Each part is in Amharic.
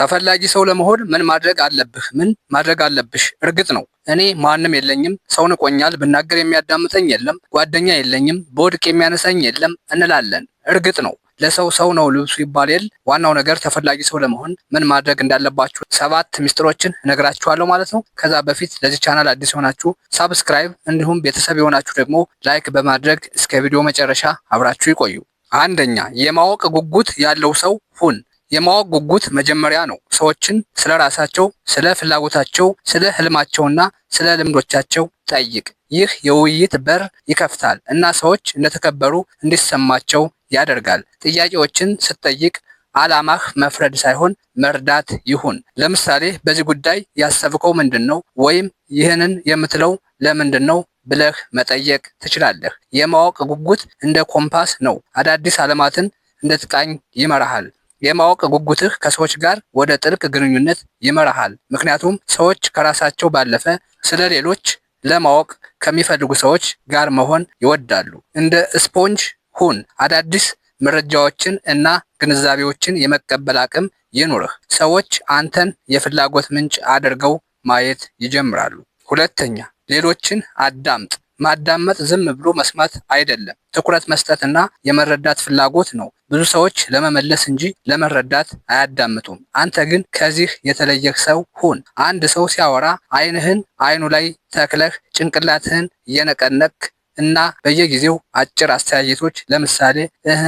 ተፈላጊ ሰው ለመሆን ምን ማድረግ አለብህ? ምን ማድረግ አለብሽ? እርግጥ ነው እኔ ማንም የለኝም፣ ሰው ንቆኛል፣ ብናገር የሚያዳምጠኝ የለም፣ ጓደኛ የለኝም፣ በወድቅ የሚያነሳኝ የለም እንላለን። እርግጥ ነው ለሰው ሰው ነው ልብሱ ይባላል። ዋናው ነገር ተፈላጊ ሰው ለመሆን ምን ማድረግ እንዳለባችሁ ሰባት ሚስጥሮችን እነግራችኋለሁ ማለት ነው። ከዛ በፊት ለዚህ ቻናል አዲስ የሆናችሁ ሳብስክራይብ፣ እንዲሁም ቤተሰብ የሆናችሁ ደግሞ ላይክ በማድረግ እስከ ቪዲዮ መጨረሻ አብራችሁ ይቆዩ። አንደኛ የማወቅ ጉጉት ያለው ሰው ሁን። የማወቅ ጉጉት መጀመሪያ ነው። ሰዎችን ስለ ራሳቸው፣ ስለ ፍላጎታቸው፣ ስለ ህልማቸውና ስለ ልምዶቻቸው ጠይቅ። ይህ የውይይት በር ይከፍታል እና ሰዎች እንደተከበሩ እንዲሰማቸው ያደርጋል። ጥያቄዎችን ስትጠይቅ ዓላማህ መፍረድ ሳይሆን መርዳት ይሁን። ለምሳሌ በዚህ ጉዳይ ያሰብከው ምንድን ነው? ወይም ይህንን የምትለው ለምንድን ነው ብለህ መጠየቅ ትችላለህ። የማወቅ ጉጉት እንደ ኮምፓስ ነው። አዳዲስ ዓለማትን እንድትቃኝ ይመራሃል። የማወቅ ጉጉትህ ከሰዎች ጋር ወደ ጥልቅ ግንኙነት ይመራሃል። ምክንያቱም ሰዎች ከራሳቸው ባለፈ ስለ ሌሎች ለማወቅ ከሚፈልጉ ሰዎች ጋር መሆን ይወዳሉ። እንደ ስፖንጅ ሁን። አዳዲስ መረጃዎችን እና ግንዛቤዎችን የመቀበል አቅም ይኑርህ። ሰዎች አንተን የፍላጎት ምንጭ አድርገው ማየት ይጀምራሉ። ሁለተኛ፣ ሌሎችን አዳምጥ። ማዳመጥ ዝም ብሎ መስማት አይደለም፣ ትኩረት መስጠትና የመረዳት ፍላጎት ነው። ብዙ ሰዎች ለመመለስ እንጂ ለመረዳት አያዳምጡም። አንተ ግን ከዚህ የተለየህ ሰው ሁን። አንድ ሰው ሲያወራ አይንህን አይኑ ላይ ተክለህ ጭንቅላትህን እየነቀነቅ እና በየጊዜው አጭር አስተያየቶች ለምሳሌ እህ፣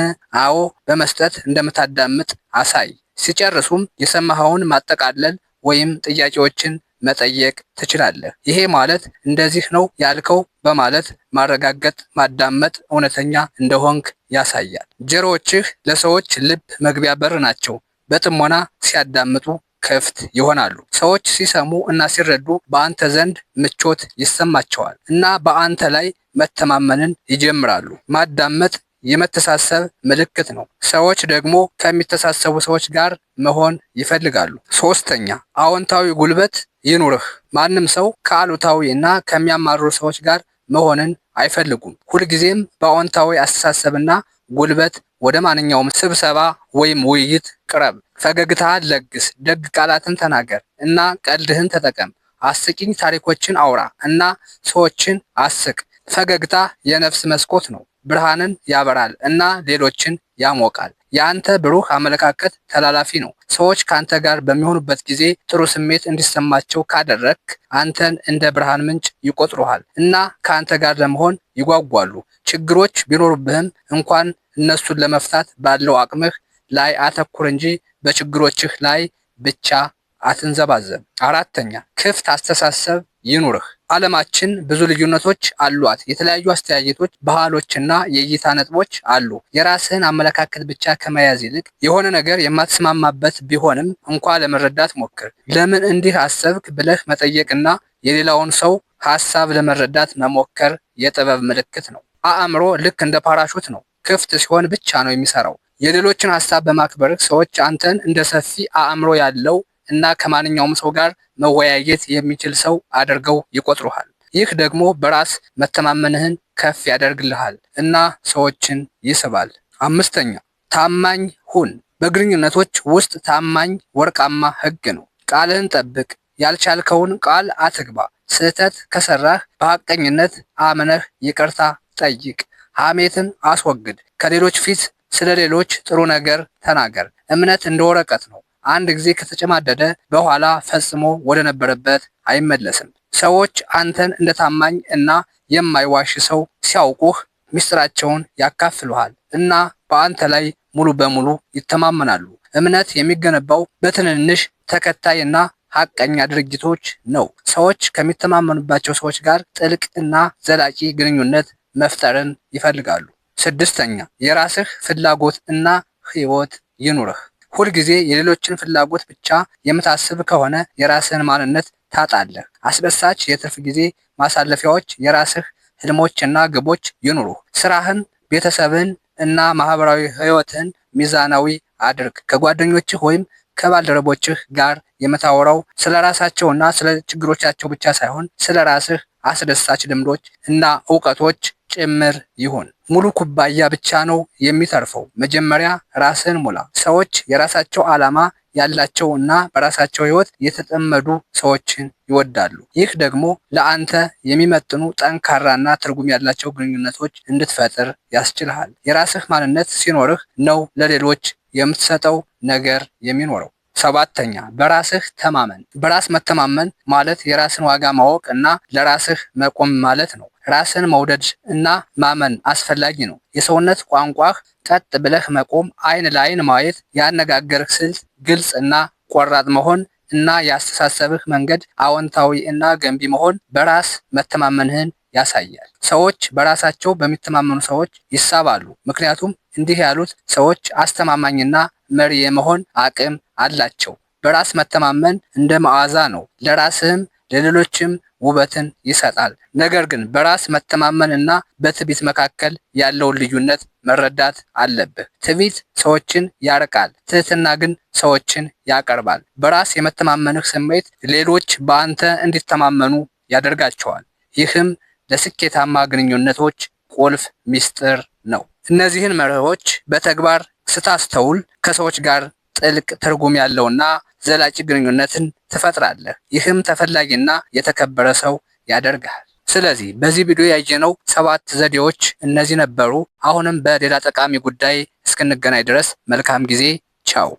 አዎ በመስጠት እንደምታዳምጥ አሳይ። ሲጨርሱም የሰማኸውን ማጠቃለል ወይም ጥያቄዎችን መጠየቅ ትችላለህ። ይሄ ማለት እንደዚህ ነው ያልከው በማለት ማረጋገጥ፣ ማዳመጥ እውነተኛ እንደሆንክ ያሳያል። ጆሮዎችህ ለሰዎች ልብ መግቢያ በር ናቸው። በጥሞና ሲያዳምጡ ክፍት ይሆናሉ። ሰዎች ሲሰሙ እና ሲረዱ በአንተ ዘንድ ምቾት ይሰማቸዋል እና በአንተ ላይ መተማመንን ይጀምራሉ። ማዳመጥ የመተሳሰብ ምልክት ነው። ሰዎች ደግሞ ከሚተሳሰቡ ሰዎች ጋር መሆን ይፈልጋሉ። ሶስተኛ አዎንታዊ ጉልበት ይኑርህ። ማንም ሰው ከአሉታዊ እና ከሚያማሩ ሰዎች ጋር መሆንን አይፈልጉም። ሁልጊዜም በአዎንታዊ አስተሳሰብና ጉልበት ወደ ማንኛውም ስብሰባ ወይም ውይይት ቅረብ። ፈገግታህን ለግስ፣ ደግ ቃላትን ተናገር እና ቀልድህን ተጠቀም። አስቂኝ ታሪኮችን አውራ እና ሰዎችን አስቅ። ፈገግታ የነፍስ መስኮት ነው፤ ብርሃንን ያበራል እና ሌሎችን ያሞቃል። የአንተ ብሩህ አመለካከት ተላላፊ ነው። ሰዎች ከአንተ ጋር በሚሆኑበት ጊዜ ጥሩ ስሜት እንዲሰማቸው ካደረግክ፣ አንተን እንደ ብርሃን ምንጭ ይቆጥሩሃል እና ከአንተ ጋር ለመሆን ይጓጓሉ። ችግሮች ቢኖሩብህም እንኳን እነሱን ለመፍታት ባለው አቅምህ ላይ አተኩር እንጂ በችግሮችህ ላይ ብቻ አትንዘባዘብ። አራተኛ ክፍት አስተሳሰብ ይኑርህ። ዓለማችን ብዙ ልዩነቶች አሏት። የተለያዩ አስተያየቶች፣ ባህሎችና የእይታ ነጥቦች አሉ። የራስህን አመለካከት ብቻ ከመያዝ ይልቅ የሆነ ነገር የማትስማማበት ቢሆንም እንኳ ለመረዳት ሞክር። ለምን እንዲህ አሰብክ ብለህ መጠየቅና የሌላውን ሰው ሀሳብ ለመረዳት መሞከር የጥበብ ምልክት ነው። አእምሮ ልክ እንደ ፓራሹት ነው፣ ክፍት ሲሆን ብቻ ነው የሚሰራው። የሌሎችን ሀሳብ በማክበር ሰዎች አንተን እንደ ሰፊ አእምሮ ያለው እና ከማንኛውም ሰው ጋር መወያየት የሚችል ሰው አድርገው ይቆጥሩሃል። ይህ ደግሞ በራስ መተማመንህን ከፍ ያደርግልሃል እና ሰዎችን ይስባል። አምስተኛ ታማኝ ሁን። በግንኙነቶች ውስጥ ታማኝ ወርቃማ ህግ ነው። ቃልህን ጠብቅ። ያልቻልከውን ቃል አትግባ። ስህተት ከሰራህ በሐቀኝነት አምነህ ይቅርታ ጠይቅ። ሐሜትን አስወግድ። ከሌሎች ፊት ስለ ሌሎች ጥሩ ነገር ተናገር። እምነት እንደ ወረቀት ነው። አንድ ጊዜ ከተጨማደደ በኋላ ፈጽሞ ወደ ነበረበት አይመለስም። ሰዎች አንተን እንደ ታማኝ እና የማይዋሽ ሰው ሲያውቁህ ሚስጥራቸውን ያካፍሉሃል እና በአንተ ላይ ሙሉ በሙሉ ይተማመናሉ። እምነት የሚገነባው በትንንሽ ተከታይ እና ሐቀኛ ድርጊቶች ነው። ሰዎች ከሚተማመኑባቸው ሰዎች ጋር ጥልቅ እና ዘላቂ ግንኙነት መፍጠርን ይፈልጋሉ። ስድስተኛ የራስህ ፍላጎት እና ህይወት ይኑርህ። ሁልጊዜ የሌሎችን ፍላጎት ብቻ የምታስብ ከሆነ የራስህን ማንነት ታጣለህ። አስደሳች የትርፍ ጊዜ ማሳለፊያዎች፣ የራስህ ህልሞችና ግቦች ይኑሩ። ስራህን፣ ቤተሰብን እና ማህበራዊ ህይወትን ሚዛናዊ አድርግ። ከጓደኞችህ ወይም ከባልደረቦችህ ጋር የምታወራው ስለ ራሳቸውና ስለ ችግሮቻቸው ብቻ ሳይሆን ስለ ራስህ አስደሳች ልምዶች እና እውቀቶች ጭምር ይሁን። ሙሉ ኩባያ ብቻ ነው የሚተርፈው። መጀመሪያ ራስን ሙላ። ሰዎች የራሳቸው ዓላማ ያላቸው እና በራሳቸው ህይወት የተጠመዱ ሰዎችን ይወዳሉ። ይህ ደግሞ ለአንተ የሚመጥኑ ጠንካራና ትርጉም ያላቸው ግንኙነቶች እንድትፈጥር ያስችልሃል። የራስህ ማንነት ሲኖርህ ነው ለሌሎች የምትሰጠው ነገር የሚኖረው። ሰባተኛ በራስህ ተማመን። በራስ መተማመን ማለት የራስን ዋጋ ማወቅ እና ለራስህ መቆም ማለት ነው። ራስን መውደድ እና ማመን አስፈላጊ ነው። የሰውነት ቋንቋህ ቀጥ ብለህ መቆም፣ አይን ለአይን ማየት፣ የአነጋገርህ ስልት ግልጽ እና ቆራጥ መሆን እና የአስተሳሰብህ መንገድ አዎንታዊ እና ገንቢ መሆን በራስ መተማመንህን ያሳያል። ሰዎች በራሳቸው በሚተማመኑ ሰዎች ይሳባሉ፣ ምክንያቱም እንዲህ ያሉት ሰዎች አስተማማኝና መሪ የመሆን አቅም አላቸው። በራስ መተማመን እንደ መዓዛ ነው፣ ለራስህም ለሌሎችም ውበትን ይሰጣል። ነገር ግን በራስ መተማመን እና በትዕቢት መካከል ያለውን ልዩነት መረዳት አለብህ። ትዕቢት ሰዎችን ያርቃል፣ ትህትና ግን ሰዎችን ያቀርባል። በራስ የመተማመንህ ስሜት ሌሎች በአንተ እንዲተማመኑ ያደርጋቸዋል። ይህም ለስኬታማ ግንኙነቶች ቁልፍ ሚስጥር ነው። እነዚህን መርሆች በተግባር ስታስተውል ከሰዎች ጋር ጥልቅ ትርጉም ያለውና ዘላቂ ግንኙነትን ትፈጥራለህ። ይህም ተፈላጊና የተከበረ ሰው ያደርግሃል። ስለዚህ በዚህ ቪዲዮ ያየነው ሰባት ዘዴዎች እነዚህ ነበሩ። አሁንም በሌላ ጠቃሚ ጉዳይ እስክንገናኝ ድረስ መልካም ጊዜ፣ ቻው።